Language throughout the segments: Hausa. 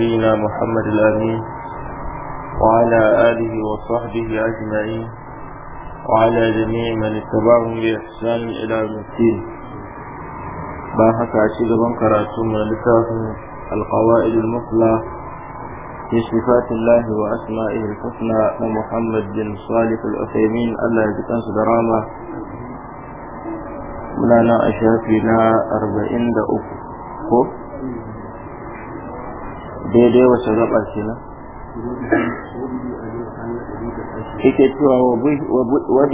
نبينا محمد الأمين وعلى آله وصحبه أجمعين وعلى جميع من اتبعهم بإحسان إلى يوم الدين باحث عشيق بنكر ثم لتاف القواعد المثلى في صفات الله وأسمائه الحسنى ومحمد بن صالح الأثيمين الله يجتنس دراما ملانا أشافينا أربعين دقوق daidai wacce gabar nan yake cewa wa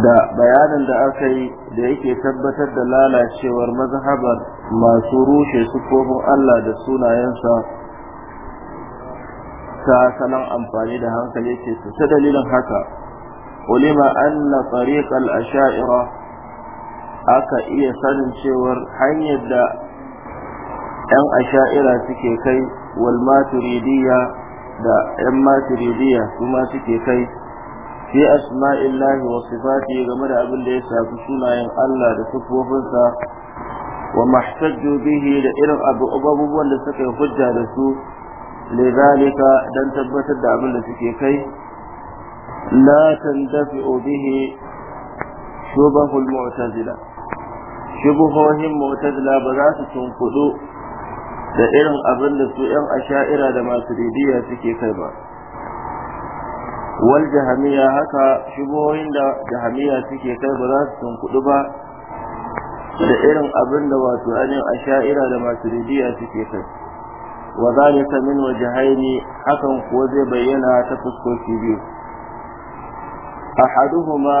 da bayanin da aka yi da yake tabbatar da lalacewar mazhabar masu rushe su sufofin Allah da sunayensa ta sanan amfani da hankali ce su ta dalilin haka ulima anna a asha'ira aka iya sanin cewar hanyar da 'yan asha'ira suke kai wal da 'yan maturidiyya su ma suke kai fi asma'illahi wa sifati game da abin da ya shafi sunayen Allah da sifofinsa wa mahtajju bihi da irin abubuwan da suka yi hujja da su lidhalika dan tabbatar da abin da suke kai la tandafi'u bihi shubahul mu'tazila shubuhohin mu'tazila ba za su tunkudu da irin abin da su ‘yan asha'ira da masu ridiya suke kai ba. Wal jahamiya haka shigoyin da jahamiya suke kai ba za su sun kudu ba da irin abin da wato anin asha'ira da masu ridiya suke kai. Wa zalika min hakan kuwa zai bayyana ta fuskoki biyu. Ahaduhuma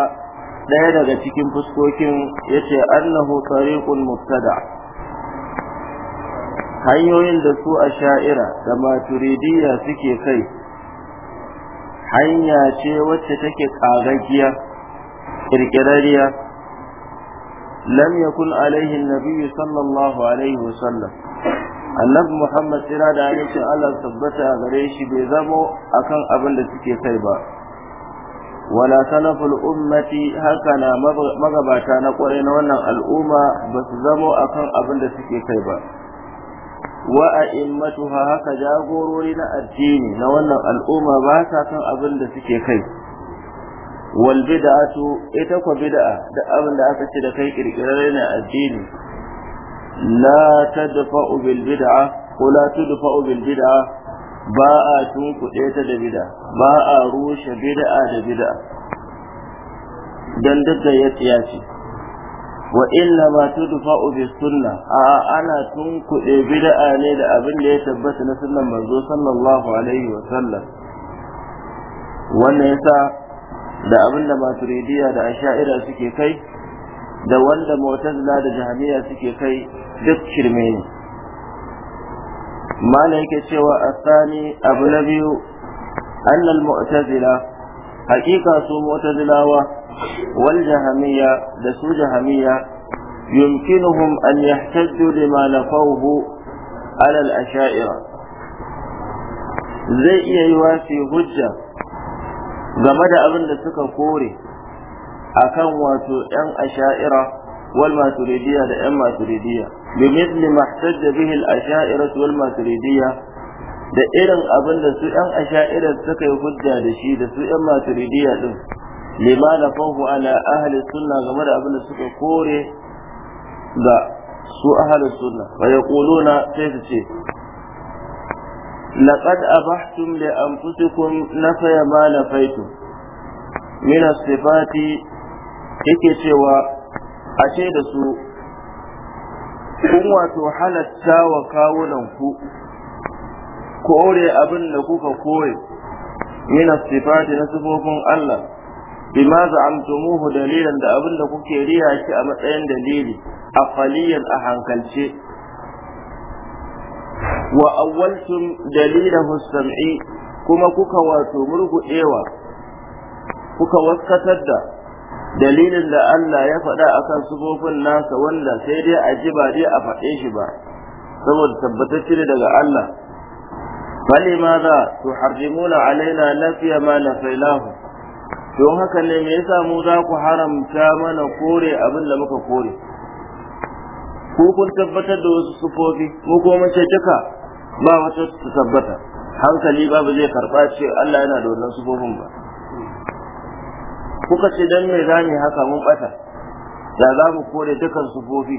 ɗaya daga cikin fuskokin yace annahu tariqul mubtada' hanyoyin da su a sha'ira da maturidiyya suke kai hanya ce wacce take ƙagagiya ƙirƙirarriya lam yakun alaihi nabiyyu sallallahu alaihi wasallam annabi muhammad tsira da alaikin allah tabbata a gare shi bai zamo akan abin da suke kai ba wala salaful ummati haka na magabata na kwarai na wannan al'umma ba su zamo akan abin da suke kai ba wa matuha haka jagorori na addini na wannan al'umma ba sa kan abin da suke kai wal bid'atu ita ko bid'a da abin da aka ce da kai kirkirar na addini la tadfa'u bil bid'a ko la tudfa'u bil bid'a ba a tunkuɗe ta da bid'a ba a rushe bid'a da bid'a dan duk da ya ce wa illa ma tudfa'u bi sunna a ana tunkuɗe bid'a ne da abin da ya tabbata na sunnan manzo sallallahu alaihi wa sallam wannan yasa da abin da maturidiya da asha'ira suke kai da wanda mu'tazila da jahmiya suke kai duk shirme ne mala yake cewa asani abu na biyu annal mu'tazila haƙiƙa su mu'tazilawa والجهمية دسو جهمية يمكنهم أن يحتجوا لما alal على الأشائرة zai iya yi fi hujja game da abin da suka kore akan wato 'yan asha'ira wal maturidiyya da 'yan maturidiyya bimithli mahtajja bihi al asha'ira wal maturidiyya da irin abin da su 'yan asha'ira suka yi hujja da shi da su 'yan matridiya din lima da fahu ala ahli suna game da abin da suka kore ga su ahli sunna wa yaquluna sai su ce لقد na لأنفسكم ma na نفيتم من الصفات yake cewa ashe da su kun wato halatta wa ku. kore abin da kuka kore min sifati na sifofin Allah bima za'amtumuhu dalilan da abin da kuke riya shi a matsayin dalili aqaliyan a hankalce wa awwaltum dalilahu sam'i kuma kuka wato ewa. kuka waskatar da dalilin da Allah ya faɗa akan sufofin nasa wanda sai dai a ji ba dai a faɗe shi ba saboda tabbatacce ne daga Allah فلماذا تحرمون علينا nafiya ما filahu. don haka ne me yasa mu za ku haramta mana kore abin da muka kore ku kun tabbatar da wasu sufofi mu ko mun ce kika ba wata su tabbata hankali babu zai karba ce Allah yana da wannan sufofin ba kuka ce dan me za mu haka mun bata da za mu kore dukan sufofi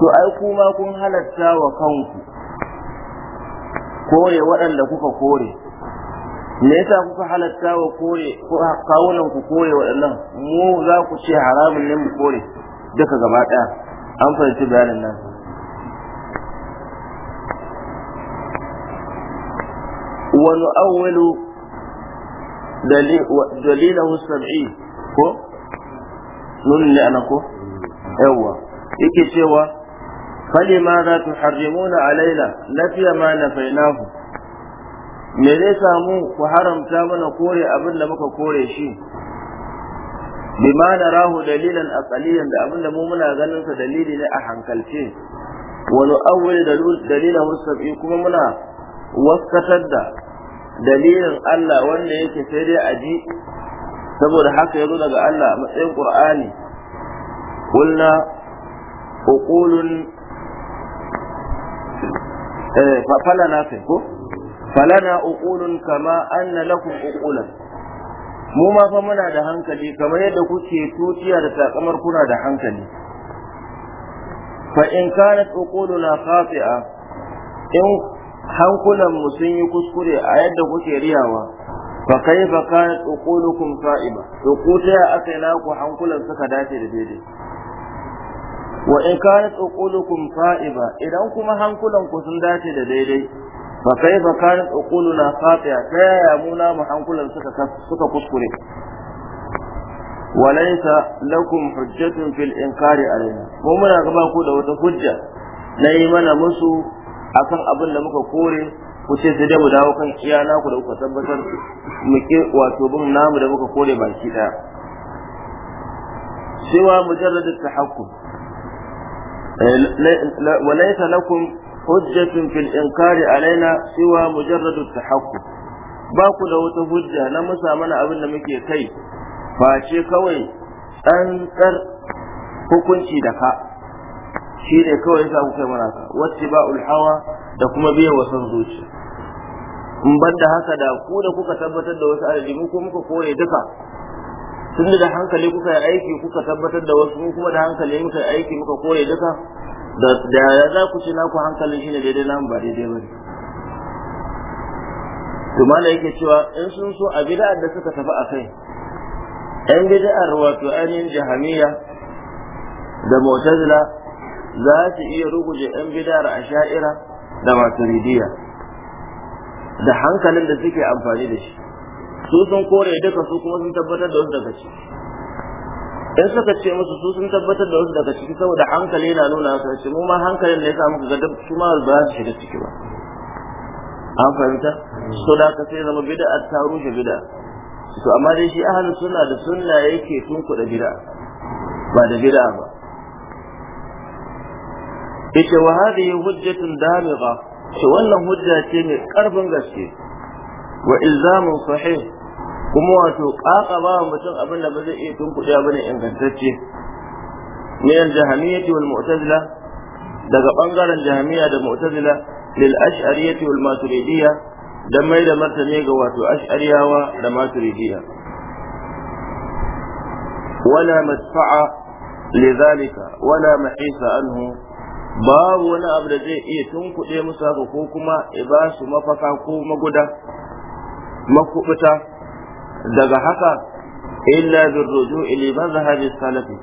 to ai ma kun halatta wa kanku kore waɗanda kuka kore me yasa kuka halatta wa kore ko kawunan ku kore waɗannan mu za ku ce haramun ne mu kore duka gaba ɗaya an fahimci bayanin nan wa nu'awwalu dalilahu sab'i ko nun ne ana ko yawa yake cewa falima za tuharrimuna alaina nafiya ma nafainahu me zai samu ku haramta mana kore abin da muka kore shi bima rahu, dalilan aqaliyan da abin da mu muna ganin sa dalili ne a hankalce wani awwal dalila mustafi kuma muna waskatar da dalilin Allah wanda yake sai dai aji saboda haka yazo daga Allah matsayin Qur'ani kulna, uqulun eh fa fala ko falana uqulun kama anna lakum uqulan mu ma fa muna da hankali kamar yadda kuke tutiya da takamar kuna da hankali fa in kanat uquluna khati'a in hankulan mu sun yi kuskure a yadda kuke riyawa fa kaifa kanat uqulukum sa'iba uquta aka yi naku hankulan suka dace da daidai wa in kanat uqulukum sa'iba idan kuma hankulan ku sun dace da daidai fa kaifa kanat na khati'a ta yaya muna mu hankulan suka suka kuskure walaysa lakum hujjatun fil inkari alaina mu muna ga ku da wata hujja na yi mana musu akan abin da muka kore ku ce sai dai mu dawo kan iyana ku da kuka tabbatar mu ke wato bin namu da muka kore shi baki daya siwa mujarrad at-tahakkum eh, walaysa lakum hujjatun fil inkari alaina siwa mujarradu tahakkum ba ku da wata hujja na musa mana abin da muke kai face kawai tsantsar hukunci da ka shi ne kawai yasa ku kai mana ka wacce ba hawa da kuma biyan wasan zuciya in ban da haka da ku da kuka tabbatar da wasu adadi ko muka koye duka tun da hankali kuka yi aiki kuka tabbatar da wasu kuma da hankali muka yi aiki muka koye duka da yaya za ku ce naku hankalin shi ne daidai namu ba daidai ba to mala yake cewa in sun so a bid'ar da suka tafi a kai yan bid'ar wato ainihin jahamiya da mu'tazila za su iya ruguje yan bid'ar asha'ira da maturidiya da hankalin da suke amfani da shi su sun kore duka su kuma sun tabbatar da wasu daga ciki in suka ce musu su sun tabbatar da wasu daga ciki saboda hankali yana nuna su ce mu ma hankalin ne yasa muka ga su ma ba su shiga ciki ba an fahimta so da ka sai zama bid'a ta shi bid'a to amma dai shi ahli sunna da sunna yake tunkuɗa bid'a ba da bid'a ba yace wa hadhihi hujjatun damigha to wannan hujja ce mai karfin gaske wa ilzamun sahih kuma wato ƙaƙa ba wa mutum abin da ba zai iya tun tunkuɗe abin ingantacce min al-jahmiyyah wal mu'tazila daga ɓangaren jahmiya da mu'tazila lil ash'ariyyah wal maturidiyya dan mai da martani ga wato ash'ariyawa da maturidiyya wala madfa'a lidhalika wala mahisa anhu babu wani abu da zai iya tunkuɗe musu haka ko kuma ba su mafaka ko maguda makubuta daga haka illa bin ruju'i li mazhabi salafi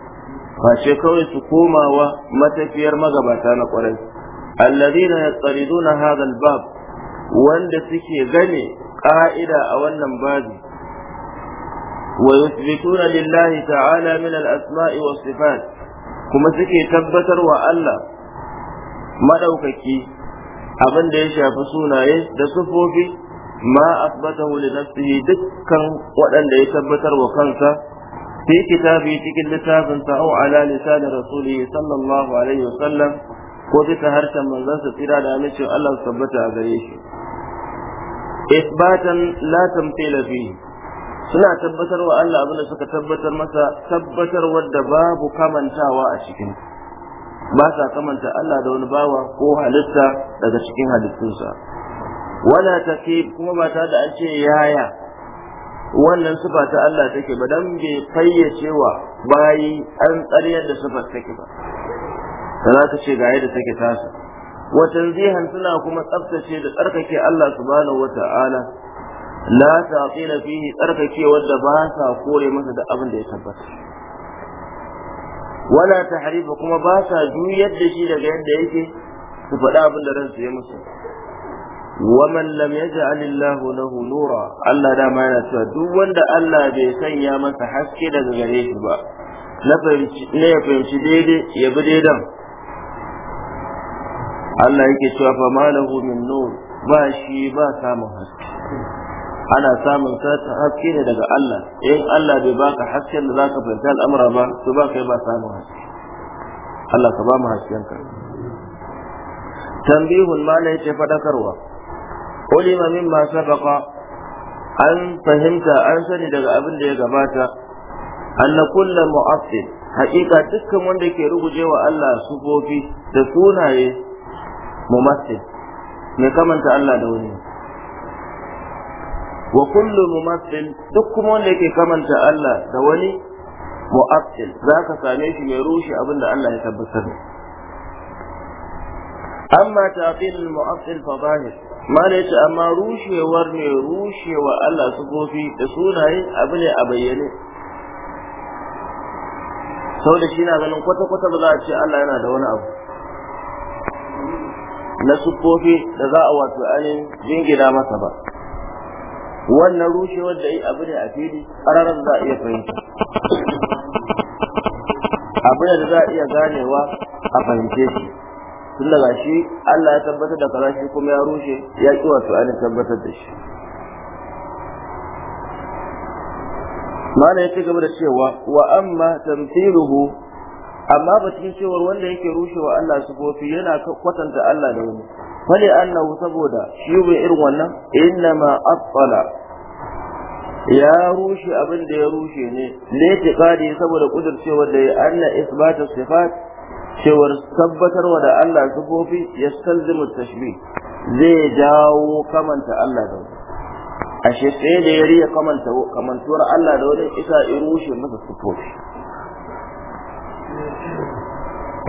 face kawai su komawa matafiyar magabata na kwarai alladhina yaqriduna hadha al-bab wanda suke gane ka'ida a wannan babi wa yuthbituna lillahi ta'ala min al-asma'i was sifat kuma suke tabbatar wa Allah madaukaki abin da ya shafi sunaye da sufofi ma asbatahu li nafsihi dukkan waɗanda ya tabbatar wa kansa fi kitabi cikin littafin sa au ala lisan rasuli sallallahu alaihi wasallam ko bisa harshen manzon tsira da amincin Allah tabbata a gare shi batan la tamthila fihi suna tabbatar wa Allah abin da suka tabbatar masa tabbatar wadda babu kamantawa a cikin ba sa kamanta Allah da wani bawa ko halitta daga cikin halittunsa wala takib kuma ba ta da an ce yaya wannan sifa ta Allah take ba dan bai fayyace cewa bayi an tsariyar da sifar take ba sana ta ce ga yadda take tasa wa tanzihan suna kuma tsaftace da tsarkake Allah subhanahu wata'ala la ta'tila fihi tsarkake wanda ba sa kore masa da abin da ya tabbata wala harifa kuma ba sa juyar da shi daga yadda yake su faɗa abin da ransu ya musu waman lam yaj'al Allahu lahu nura Allah da ma yana ciwa, duk wanda Allah bai sanya masa haske daga gare shi ba na fahimci ne ya fahimci daidai ya bi daidan Allah yake cewa fa ma lahu min ba shi ba samun haske ana samun haske ne daga Allah in Allah bai baka hasken da zaka fahimci al'amura ba to ba ba samun haske Allah ka tambihun ma ne yake ulima mimma sabaqa an fahimta an sani daga abin da ya gabata anna kullu mu'assil haƙiƙa dukkan wanda ke ruguje wa Allah sufofi da sunaye mumassil mai kamanta Allah da wani wa kullu mumassil duk kuma wanda yake kamanta Allah da wani mu'assil zaka same shi mai rushe abin da Allah ya tabbatar amma ta'til mu'assil fa zahir ya yace amma rushewar ne rushewa Allah su gofi da sunaye abu ne a bayyane da shi na ganin kwata-kwata ba za a ce Allah yana da wani abu na sufofi da za a wato ainihin jingina masa ba wannan rushewar da yi abu ne a fili ƙararar za a iya fahimta abu ne da za a iya ganewa a fahimce shi tun daga shi Allah ya tabbatar da karashi kuma ya rushe ya ki wato tabbatar da shi mana ya ci gaba da cewa wa amma tamthiluhu amma batun cewar wanda yake rushewa Allah sufofi yana kwatanta Allah da wani fali Allah saboda shi bai irin wannan innama attala ya rushe abin da ya rushe ne ne tiqadi saboda kudircewa da anna isbata sifat cewar tabbatarwa da Allah Sufofi ya salzimu tashbih zai jawo kamanta Allah da wani ashe sai da ya riya kamanta kamantuwar Allah da wani isa irushe masa sifofi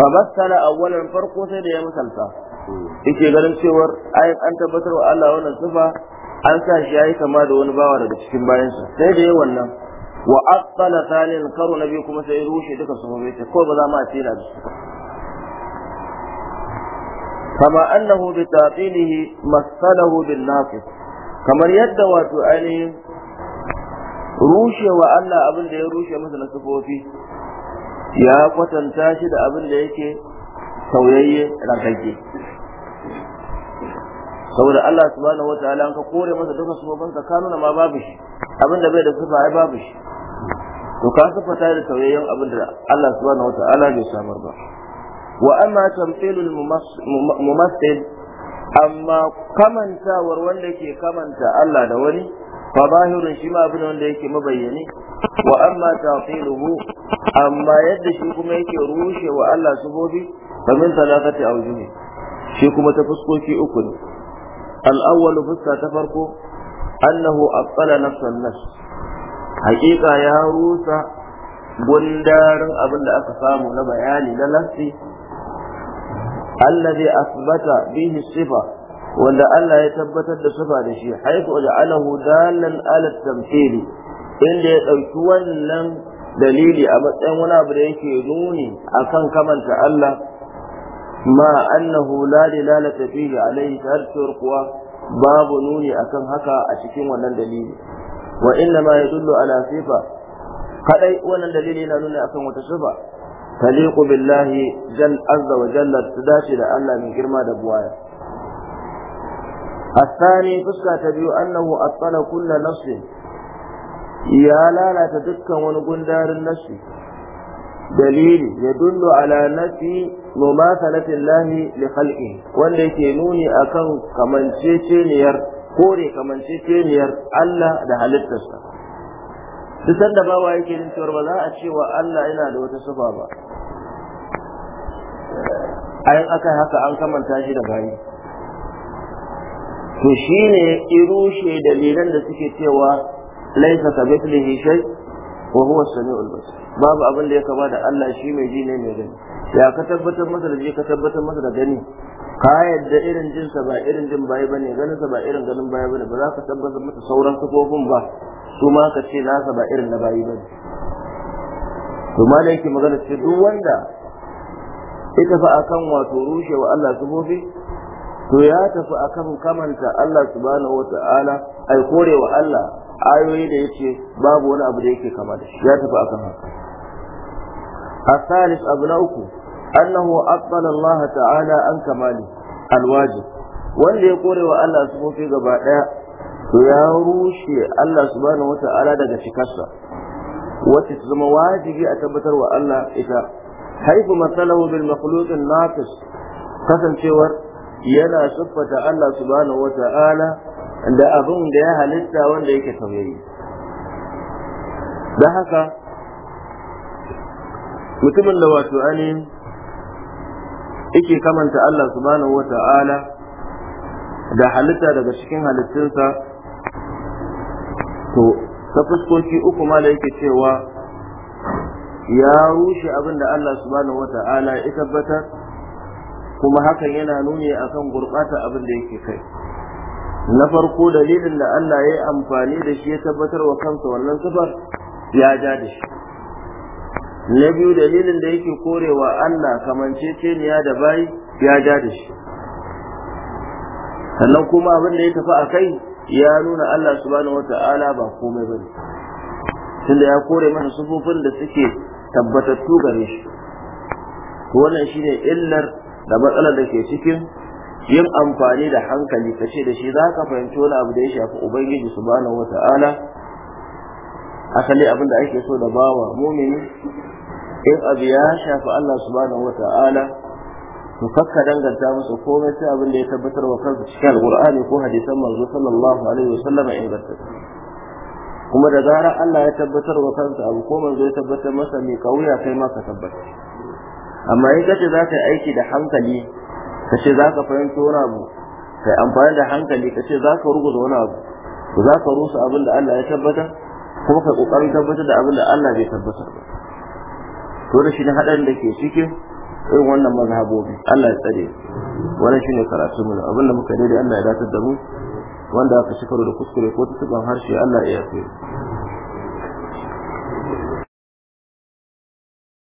fa masala awwalan farko sai da ya misalta yake ganin cewar ayin an tabbatar wa Allah wannan sifa an sa shi yayi kama da wani bawa daga cikin bayansa sai da yayi wannan wa aqala thani al-qaru nabi kuma sai rushe duka sahabbai ko ba za ma tsira da su kama annahu bi ta'tilihi masalahu bil naqis kamar yadda wato ainihin wa Allah abin da ya rushe masa na sifofi ya kwatanta shi da abin da yake sauyayye rakake saboda Allah subhanahu wataala an ka kore masa duka sifofin ka nuna ma babu shi abin da bai da sifa ai babu shi to ka sifata da sauyayyen abin da Allah subhanahu wataala bai samar ba wa amma tamthilul mumassil amma kamantawar wanda ke kamanta Allah da wani fa zahirun shi ma abin wanda yake mabayyani wa amma tafiluhu amma yadda shi kuma yake rushe wa Allah subobi fa min salatati awjuhi shi kuma ta fuskoki uku ne al-awwal fuska ta farko annahu aqala nafsan nafs haƙiƙa ya rusa gundarin abin da aka samu na bayani na lafi allazi asbata bihi sifa wanda Allah ya tabbatar da sifa da shi haifu ja'alahu dalan ala tamthili inda ya dauki wannan dalili a matsayin wani abu da yake nuni akan kamanta Allah ma annahu la dilalata fihi alayhi tarkur kuwa babu nuni akan haka a cikin wannan dalili wa inna ma yadullu ala sifa kadai wannan dalili yana nuni akan wata sifa taliqu billahi jal azza wa jalla dace da Allah mai girma da buwaya الثاني فسكة تبيو أنه أطل كل نص يا لا لا تدكا ونقول دار النص دليل يدل على نفي مماثلة الله لخلقه wanda yake nuni akan kamanceceniyar kore kamanceceniyar Allah da halittarsa duk sanda bawa yake jin cewa ba za a ce wa Allah yana da wata sufa ba a yin aka haka an kamanta shi da bayi to shine irushe dalilan da suke cewa laisa ka shay wa huwa samiul basir babu abin da ya kama da Allah shi mai ji ne mai gani ya ka tabbatar masa da ji ka tabbatar masa da gani ka yadda irin jinsa ba irin jin bayi bane ganinsa ba irin ganin bayi bane ba za ka tabbatar masa sauran kafofin ba su ma ka ce nasa ba irin na bayi bane to ma yake magana ce duk wanda ya tafi akan wato wa Allah sufofi to ya tafi akan kamanta Allah subhanahu wata'ala ai kore wa Allah ayoyi da yace babu wani abu da yake kama da shi ya tafi akan haka asalis abu na uku annahu aqbala Allah ta'ala an kamali alwajib wanda ya kore wa Allah sufofi gaba ɗaya to ya rushe Allah wata ala daga cikarsa wacce ta zama wajibi a tabbatar wa Allah ita haifu matsalahu bil makhluqin naqis kasancewar yana siffata Allah wata ala da abin da ya halitta wanda yake tauyayi da haka mutumin da wato ainihin yake kamanta Allah subhanahu wata'ala da halitta daga cikin halittunsa to ta fuskoki uku ma da yake cewa ya rushe abin da Allah subhanahu wata'ala ya tabbatar kuma hakan yana nuni akan gurɓata abin da yake kai na farko dalilin da Allah ya yi amfani da shi ya tabbatar wa kansa wannan sifar ya ja da shi na biyu dalilin da yake korewa Allah kamanceceniya da bai ya ja da shi sannan kuma abin da ya tafi a kai ya nuna Allah subhanahu wata'ala ba komai bane tunda ya kore mana sufofin da suke tabbatattu gare shi to wannan shine illar da matsalar da ke cikin yin amfani da hankali kace da shi za ka fahimci wani abu da ya shafi ubangiji subhanahu wata'ala asali abin da ake so da bawa mumini in abu ya shafi Allah subhanahu wata'ala to fakka danganta musu komai sai abin da ya tabbatar wa kansa cikin alqur'ani ko hadisan manzo sallallahu alaihi wasallam inganta kuma da zarar Allah ya tabbatar wa kansa abu ko manzo ya tabbatar masa mai kauya kai ma ka tabbata amma in kace za ka yi aiki da hankali kace za ka fahimta wani abu kai amfani da hankali kace za ka ruguza wani abu za ka rusa abin da Allah ya tabbata kuma kai kokarin tabbatar da abin da Allah bai tabbatar ba to da shi ne haɗarin da ke cikin irin wannan mazhabobi Allah ya tsare wannan shine karatu mu abinda muka daida, Allah ya datar da mu wanda aka shi karo da kuskure ko tutuban harshe Allah ya yafe